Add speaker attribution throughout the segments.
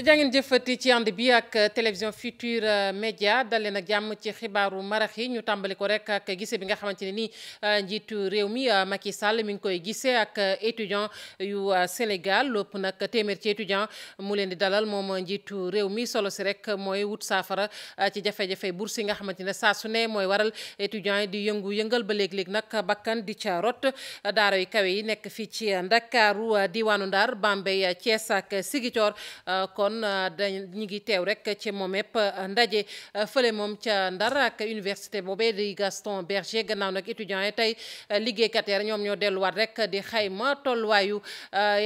Speaker 1: jàngeen jëfati ci ànd bi ak euh, télévision Futur euh, Média dale nag jàmm ci xibaaru marax yi ñu tàmbali ko rek ak gise bi nga xamante ne nii euh, njiitu réew mi Macky Sall mi ngi koy gisee ak étudiant yu Sénégal lépp nag téeméer ci étudiant mu leen di dalal moom njiitu réew mi solo si rek mooy wut saafara ci jafe-jafe bourse yi nga xamante ne saa su ne mooy waral étudiant yi di yëngu-yëngal ba léeg-léeg nag bakkan di ca rot daara yu kawe yi nekk fii ci Ndakaaru diwaanu Ndar Bambey kon euh, dañ ñu ngi teew rek ci moom yëpp euh, ndaje euh, fële moom ca Ndar ak université boobee di Gaston Berger gannaaw nag étudiants yi tey liggéeykat yi ñoom ñoo delluwaat rek di xayma tolluwaayu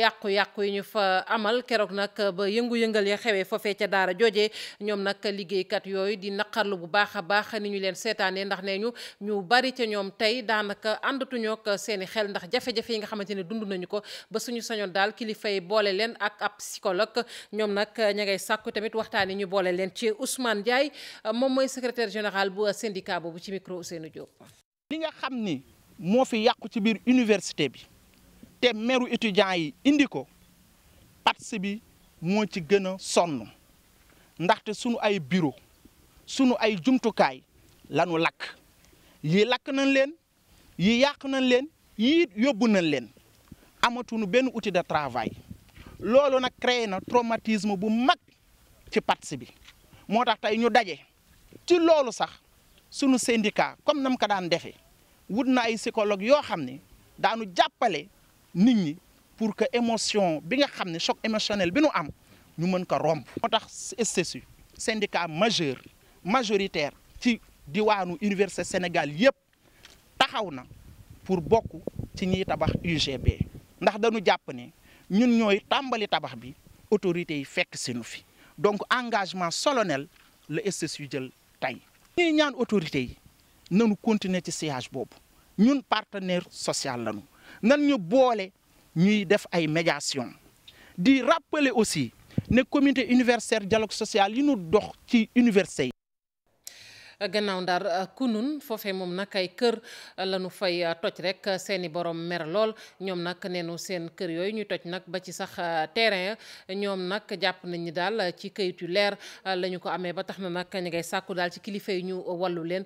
Speaker 1: yàqu-yàqu yi ñu fa amal keroog nag ba yëngu-yëngal ya xewee ca daara jooje ñoom nag liggéeykat yooyu di naqarlu bu baax a baax ni ñu leen seetaanee ndax nee ñu ñu bari ca ñoom tey daanaka àndatuñoo ak seeni xel ndax jafe-jafe yi nga xamante ne dund nañu ko ba suñu sañoon daal kilifay boole leen ak ab psychologue ñoom nag nag ña ngay tamit waxtaan yi ñu boole leen ci Ousmane Ndiaye moom mooy secrétaire général bu syndicat boobu ci micro Ousseynou Diop.
Speaker 2: li nga xam ni moo fi yàqu ci biir université bi te meru étudiants yi indi ko PATS bi moo ci gën a sonn ndaxte sunu ay bureau sunu ay jumtukaay lanu lakk yi lakk na leen yii yàq nañ leen yii yóbbu nañ leen amatuñu benn outil de travail. loolu nag créé na traumatisme bu mag ci PATS bi moo tax tey ñu daje ci loolu sax sunu syndicat comme nam ko daan defee wut na ay psychologue yoo xam ne daanu jàppale nit ñi pour que émotion bi nga xam ne choc émotionnel bi nu am ñu mën ko romb. moo tax STSU syndicat majeur majoritaire ci diwaanu université Sénégal yëpp taxaw na pour bokk ci ñiy tabax UGB ndax dañu jàpp ne. ñun ñooy tàmbali tabax bi autorités yi fekk seenu fi donc engagement solennel la STS jël tey. ñuy ñaan autorités yi nanu continuer ci sillage boobu ñun partenaire social lañu nan ñu boole ñuy def ay médiation di rappeler aussi ne comité universaire dialogue sociale yi ñu dox ci université yi.
Speaker 1: gannaaw ndar kunun foofe moom nag ay kër la ñu fay uh, toj rek seeni i borom mer lool ñoom nag neenu seen kër yooyu ñu toj nag ba ci sax uh, terrain ñoom nag jàpp nañ ni daal uh, ci këyit yu leer lañu ko amee ba tax na nag ñu ngay sàkku daal ci kilifa yi ñu wallu leen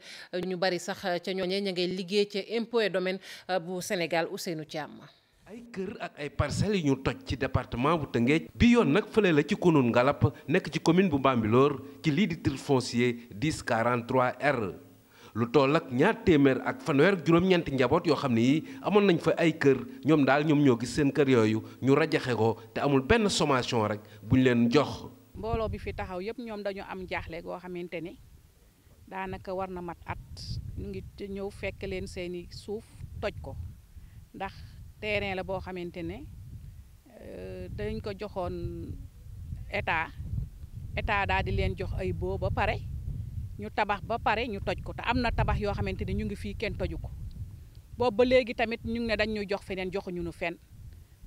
Speaker 1: ñu bari sax ca ñooñee ñu ngay liggéey ca impôt et domaine bu Sénégal Ousseynou Thiam
Speaker 3: ay kër ak ay parcelles yu ñu toj ci département bu Tëngéej bi yoon nag fële la ci kunun ngalap nekk ci commune bu Bambilor ci lii di titre foncier 1043 R lu toll ak ñaar téeméer ak fanweer juróom-ñeenti njaboot yoo xam ne yi amoon nañ fa ay kër ñoom daal ñoom ñoo gis seen kër yooyu ñu rajaxe ko te amul benn sommation rek buñ leen jox.
Speaker 4: mbooloo bi fi taxaw yëpp ñoom dañu am jaaxle goo xamante ni daanaka war na mat at ñu ngi ñëw fekk leen seeni suuf toj ko terrain la boo xamante ne euh, dañ ko joxoon état état daal di leen jox ay boo ba pare ñu tabax ba pare ñu toj ko te am na tabax yoo xamante ne ñu ngi fii kenn toju ko boobu ba léegi tamit ñu ne dañ ñu jox feneen joxuñu nu fenn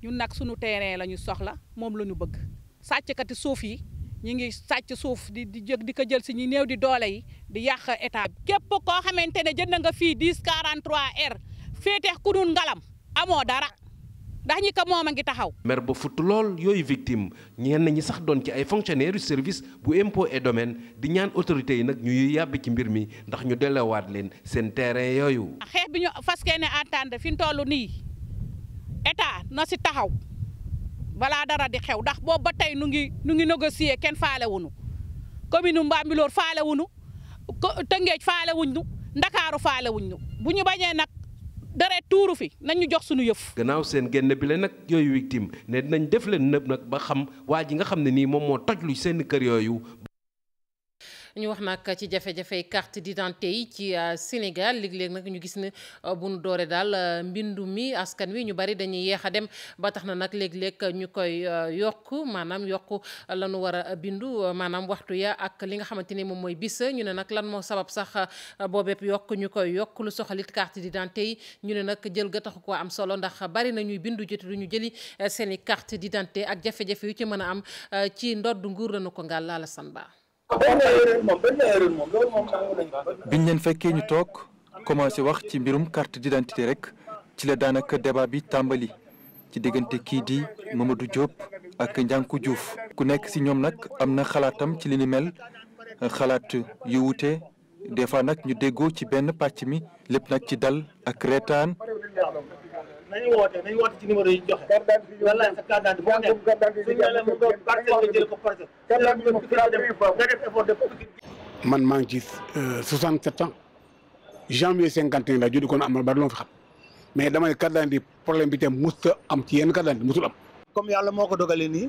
Speaker 4: ñun nag sunu terrain la ñu soxla moom la ñu bëgg sàcckati suuf yi ñu ngi sàcc suuf di di jëg di ko jël si ñu néew di doole yi di yàq état bi képp koo xamante ne jënd nga fii 10 43 r féeteex ku dun ngalam amoo dara ndax ñi ko moom a ngi taxaw.
Speaker 3: mer ba futt lool yooyu victime na ñi sax doon ci ay fonctionnaire yu service bu impôt et domaine di ñaan autorités yi nag ñuy yàbbi ci mbir mi ndax ñu dellewaat leen seen terrain yooyu.
Speaker 4: Ah, xeex bi ñu fas yéene entendre fi ñu toll nii état na si taxaw balaa dara di xew ndax boobu ba tey nu ngi nu ngi négocier kenn faale wuñu commune Mbambilor faale wuñu Tëngéej faale wuñu Ndakaaru faale wuñu bu ñu bañee nag dara tuuru fi nañu jox suñu yëf.
Speaker 3: gannaaw seen génn bi la nag yooyu victime ne dinañ def leen nëb nag ba xam waa ji nga xam ne nii moom moo toj lu seen kër yooyu.
Speaker 1: ñu wax nag ci jafe-jafe di d'identité yi ci euh, Sénégal léeg-léeg nag ñu gis ne euh, bu nu dooree daal euh, mbindu mi askan wi ñu bari dañuy yéex a dem ba tax na nag léeg-léeg ñu koy yokk maanaam yokk la nu war a bindu maanaam waxtu ya ak li nga xamante ni moom mooy bis ñu ne nag lan moo sabab sax boobépp yokk koy yokk lu soxalit carte d'identité yi ñu ne nag jël gataxu taxu ko am solo ndax bari na ñuy bindu jot lu ñu jëli seen i carte d'identité ak jafe-jafe yu ci mën a am ci ndodd nguur lañu ko ngàll Alassane Ba
Speaker 5: biñ leen
Speaker 6: fekkee ñu toog commencé wax ci mbirum carte d'identité rek ci la daanaka débat bi tàmbali ci diggante kii di Mamadou Diop ak Ndiankou juuf ku nekk ci ñoom nag am na xalaatam ci li mel xalaat yu wuute des fois nag ñu déggoo ci benn pàcc mi lépp nag ci dal ak reetaan
Speaker 2: nañu woote nañu woote ci numéro yi joxe. wallaahi
Speaker 3: man maa ngi ci 67 euh, ans janvier 51 la juddu kon amal bari loo fi xam mais damay carte
Speaker 2: d'identité problème bi tam mosut am ci yenn carte d'identité mosul am. comme yàlla moo ko dogalee nii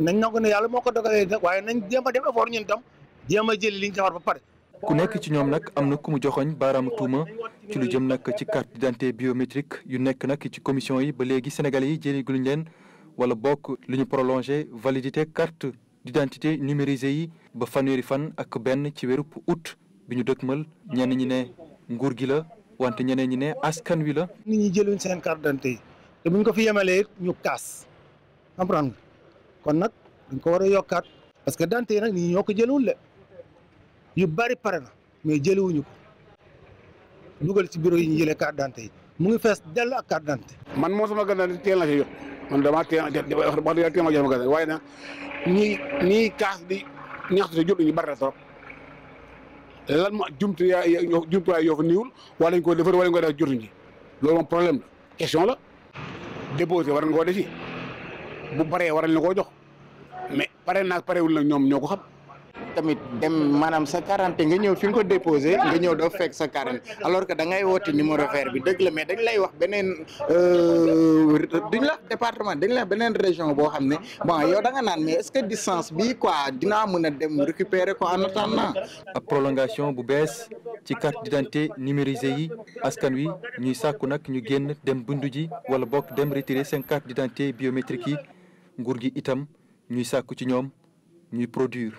Speaker 2: nañ nangu ne yàlla moo ko dogalee nii waaye nañ jéem a def effort ñun tam jéem a liñ defar ba pare.
Speaker 6: ku nekk ci ñoom nag am na ku mu joxoñ baaraamu tuuma ci lu jëm nag ci carte d'identité biométrique yu nekk nag ci commission yi ba léegi sénégalais yi jëlee guñu leen wala bokk lu ñu prolongé validité carte d'identité numérisée yi ba fan fanweeri fan ak benn ci wérub août bi ñu dëkkmal ñenn ñi ne nguur gi la wante ñeneen ñi ne askan wi la. ni ñi jëluñ seen carte d'identité yi te buñ ko fi yemalee ñu kaas comprendre kon nag
Speaker 2: dañ ko war a parce que d'identité ko jëlul yu bari pare na mais jëliwuñu ko dugal ci bureau yi ñu jëlee carte d'identité yi mu ngi fees dell ak carte
Speaker 3: d'identité man moo sama gànnaaw teel na ci jot man dama teel a jot wax dëgg yàlla teel waaye nag nii nii kaas di ñaxtu si jot nañu bari na trop lan ma jumtuwaay jumtuwaay yoo fa niiwul wala ñu ko defar wala ñu ko def jotuñ ci loolu moom problème la
Speaker 2: question la déposé war nañ koo defi bu paree war nañ la koo jox mais pare naag parewul na ñoom ñoo ko xam. tamit dem maanaam sa quarante nga ñëw fi nga ko déposé nga ñëw doo fekk sa quarante alors que da ngay woote numéro vert bi dëgg la mais dañ lay wax beneen euh, duñ la département dañ la beneen région boo xam ne bon yow da naan mais est-ce que distance bi quoi dinaa mën a dem récupérer ko en attendant
Speaker 6: a prolongation bu bees ci carte d'identité numérisée yi askan wi ñuy sàkku nag ñu génn dem bundu ji wala bokk dem retirer seen carte d'identité biométrique yi nguur gi itam ñuy sàkku ci ñoom ñuy produire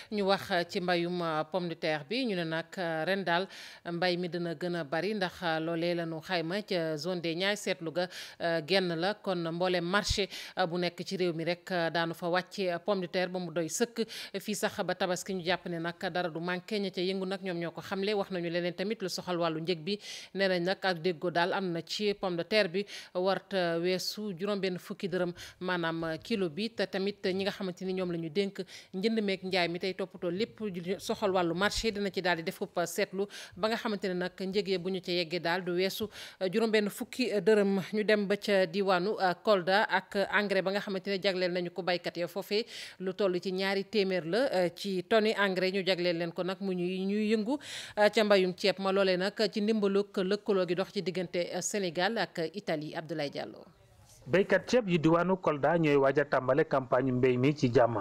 Speaker 1: ñu wax euh, ci mbayum euh, pomme de terre bi ñu ne nag euh, ren daal mbay mi dina gën a bari ndax loolee la ñu xayma ca zone des Niayes seetlu ga genn la kon mboolem marché bu nekk ci réew mi rek daanu fa wàcce pomme de terre ba mu doy sëkk fii sax ba tabaski ñu jàpp ne nag dara du manqué ña ca yëngu nag ñoom ñoo ko xamle wax nañu leneen tamit lu soxal wàllu njëg bi nee nañ nag ak déggoo daal am na ci pomme de terre bi warta weesu juróom-benn fukki dërëm maanaam kilo bi tamit ñi nga xamante ni ñoom la ñu toppatoo lépp soxal wàllu marché dina ci daal di defub seetlu ba nga xamante ne nag njëgee bu ñu ca yeggee daal du weesu juróom-benn fukki dërëm ñu dem ba ca diwaanu euh, Kolda ak engrais ba nga xamante ne jagleel nañu ko baykat ya foofee lu toll ci ñaari téeméer la euh, ci tonni engrais ñu jagleel leen ko nag mu ñu ñuy yëngu euh, ca mbayum ceeb ma loolee nag ci ndimbalu lëkkaloo gi dox ci diggante Sénégal ak Italie Abdoulaye Diallo.
Speaker 5: béykat ceeb yu diwaanu Kolda ñooy waaj mi ci jàmm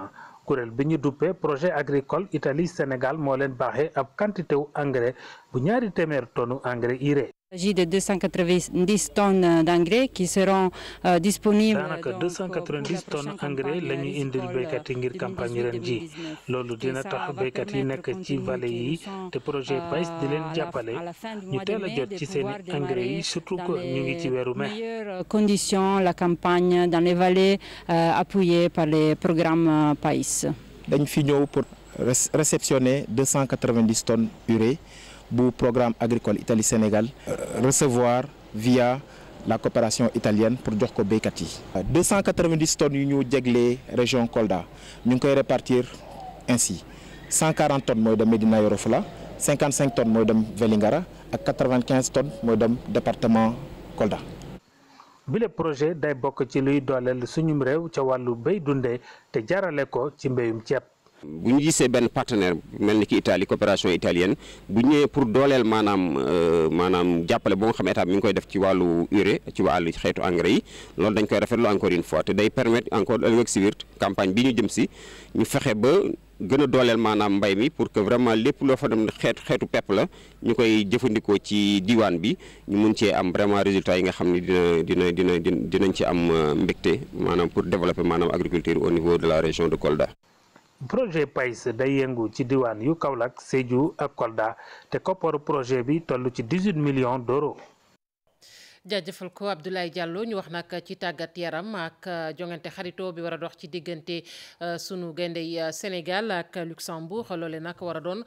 Speaker 5: kuréel bi ñu duppee projet agricole Italie Sénégal moo leen baaxee ab quantité wu engrais bu ñaari téeméer tonu engrais urée
Speaker 1: Il s'agit de 290 tonnes d'engrais qui seront euh, disponibles.
Speaker 5: daanaka 290 tonnes engrais la ñu indil béykat ngir euh, campagne ren ji loolu dina tax béykat yi nekk ci vallée yi te projet euh, PAIS di leen jàppale ñu teel jot ci seen engrais yi surtout que ñu ngi ci weru mai.
Speaker 1: conditions la campagne dans les vallées appuyée par les programmes PAIS. dañ
Speaker 2: fi ñëw pour réceptionner 290 tonnes urée. bu programme agricole Italie Sénégal euh, recevoir via la coopération italienne pour jox ko béykat yi. 290 tonnes yu ñu jéglee région Kolda ñu ngi koy répartir ainsi 140 tonnes mooy dem Médina Yoro Foulah 55 tonnes mooy dem Vélingara ak 95 tonnes mooy dem département
Speaker 5: Kolda. bile projet day bokk ci luy dooleel suñum réew ca wàllu béy dundee te jarale ko ci mbéyum ceeb.
Speaker 7: bu ñu gisee benn partenaire mel ni ki Italie coopération italienne bu ñëwee pour dooleel maanaam euh, maanaam jàppale boo nga xam état mi ngi koy def ci wàllu urée ci wàllu xeetu engrais yi loolu dañ koy rafetlu encore une fois te day permettre encore ëllëg si biir campagne bi ñu jëm si ñu fexe ba gën a dooleel maanaam mbay mi pour que vraiment lépp loo fa dem xeetu xeetu pepp la ñu koy jëfandikoo ci diwaan bi ñu mun cee am vraiment résultat yi nga xam ni dina dina dina dinañ ci am euh, mbégte maanaam pour développer maanaam agriculture au niveau de la région de Kolda
Speaker 5: projet pays day yëngu ci diwaan yu Kaolack Sédhiou ak Kolda te kopparu projet bi toll ci 18 million d'euros
Speaker 1: jaajëfal ko Abdoulaye jàlloo ñu wax nag ci tàggat yaram ak euh, jongante xaritoo bi war a dox ci diggante euh, sunu gayndey euh, Sénégal ak Luxembourg loole nag war a doon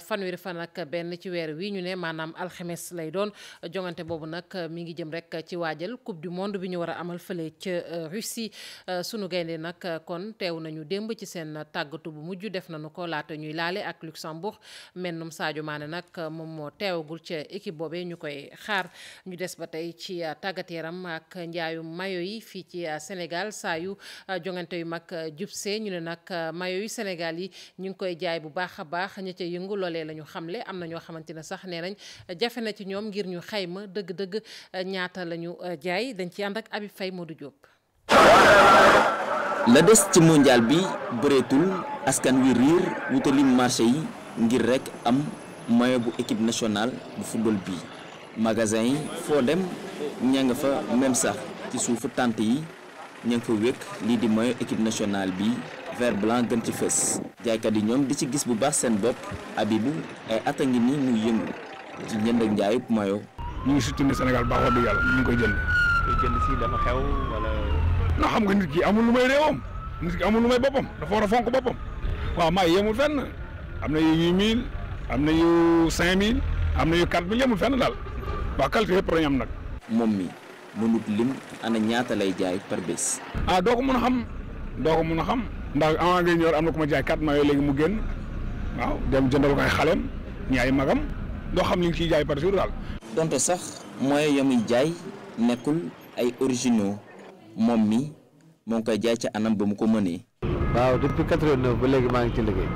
Speaker 1: fanweeri fan ak benn ci weer wi ñu ne maanaam alxemes lay doon jongante boobu nag mi ngi jëm rek ci waajal coupe du monde bi ñu war a amal fële ca Russie sunu gaynde nag kon teew nañu démb ci seen tàggatu bu mujj def nañu ko laata ñuy laale ak Luxembourg mennum Sadio Mané nag moom moo teewagul ca équipe boobee ñu koy xaar ñu des ba tey ci euh, tàggat yaram ak njaayu mayo yi fii ci euh, Sénégal saa yu euh, jongante yu mag jubsee ñu ne nag mayo yu Sénégal yi ñu ngi koy jaay bu baax a baax ña ca yëngu loolee la ñu xamle am na ñoo xamante ne sax ne nañ jafe na ci ñoom ngir ñu xayma dëgg-dëgg ñaata lañu ñu jaay dañ ci ànd ak Habib Faye Modou Diop.
Speaker 7: la des ci mondial bi bëreetul askan wi riir wutali marché yi ngir rekk am maillot bu équipe nationale bu football bii magasin yi foo dem ña nga fa même sax ci suufu tànt yi ña nga fa wékk lii di mooy équipe nationale bi vert blanc gën ci fës jaaykat yi ñoom di ci gis bu baax seen bopp abibu ay at a ngi nii muy yëngu ci njënd ak njaayub ñu ngi soutenir Sénégal baax wax yàlla ñu ngi ko jënd koy jënd xew wala na xam nga nit ki amul lu may réewam nit ki amul lu may boppam dafa war a fonk boppam waaw maa yemul fenn am na yu huit am na yu cinq am na yu quatre mille fenn daal waaw qualité yëpp dañu nag. moom mi mënut lim ana ñaata lay jaay par bés. ah doo ko mën a xam doo ko mën a xam ndax avant ngay ñëw am na ku ma jaay quatre maillots léegi mu génn waaw dem jëndal ko ay xaleem ñi magam doo xam li nga ciy jaay par jour daal. donte sax moyen ya muy jaay nekkul ay originaux moom mi moo ngi koy jaay ci anam ba mu ko mënee. waaw depuis ba léegi maa ngi ci liggéey.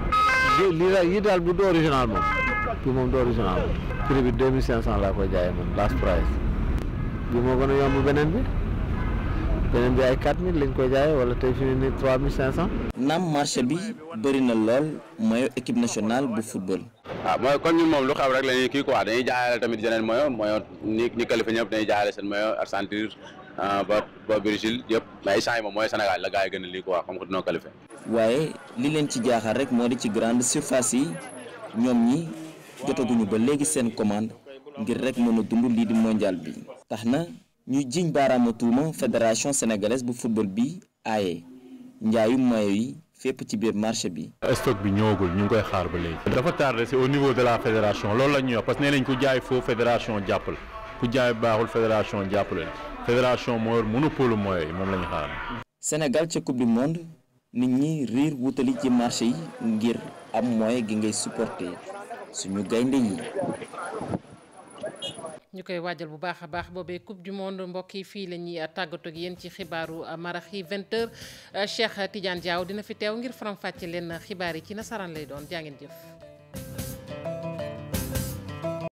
Speaker 7: lii daal yi daal bu doo moom. bi moom du original prix bi laa koy jaayee man last price bi moo gën a yomb beneen bi beneen bi ay quatre mille lañ koy jaayee wala tey fi nii trois mille cent naam marché bi bëri na lool maillot équipe nationale bu football
Speaker 3: waaw ah, mooy kon ñun moom lu xew rek la ñuy kii quoi dañuy jaayale tamit yeneen maillot maillot ni ni qualifié ñëpp dañuy jaayale seen maillot Argentine ah, ba ba Brésil yëpp mais instant moom mooy Sénégal la gars yi gën a lii quoi xam
Speaker 7: nga dina qualifié waaye li leen ci jaaxal rek moo di ci grande surface yi ñoom ñi jotaguñu ba léegi seen commande ngir rek mën a dund lii di mondial bi tax na ñu jiñ baaraama tuuma fédération sénégalaise bu football bi aaye njaayu mayo yi fépp ci biir marché bi.
Speaker 5: stock bi ñëwagul ñu ngi koy xaar ba léegi.
Speaker 2: dafa tardé c'est au niveau de la fédération lool la ñuy wax parce que nee nañ ku jaay foofu fédération jàppal ku jaay baaxul fédération jàppale fédération moo yor monopole mooy moom la ñu xaar. Sénégal ca coupe du monde
Speaker 7: nit ñi riir wutali ci marché yi ngir am moyen gi ngay suñu gaynde yi
Speaker 1: ñu koy waajal bu baax a baax boobee coupe du monde mbokk yi fii lañuy tàggatoo ak yéen ci xibaaru marax yi 20h Cheikh dina fi teew ngir faram-fàcce xibaar yi ci nasaraan lay doon jaa ngeen jëf.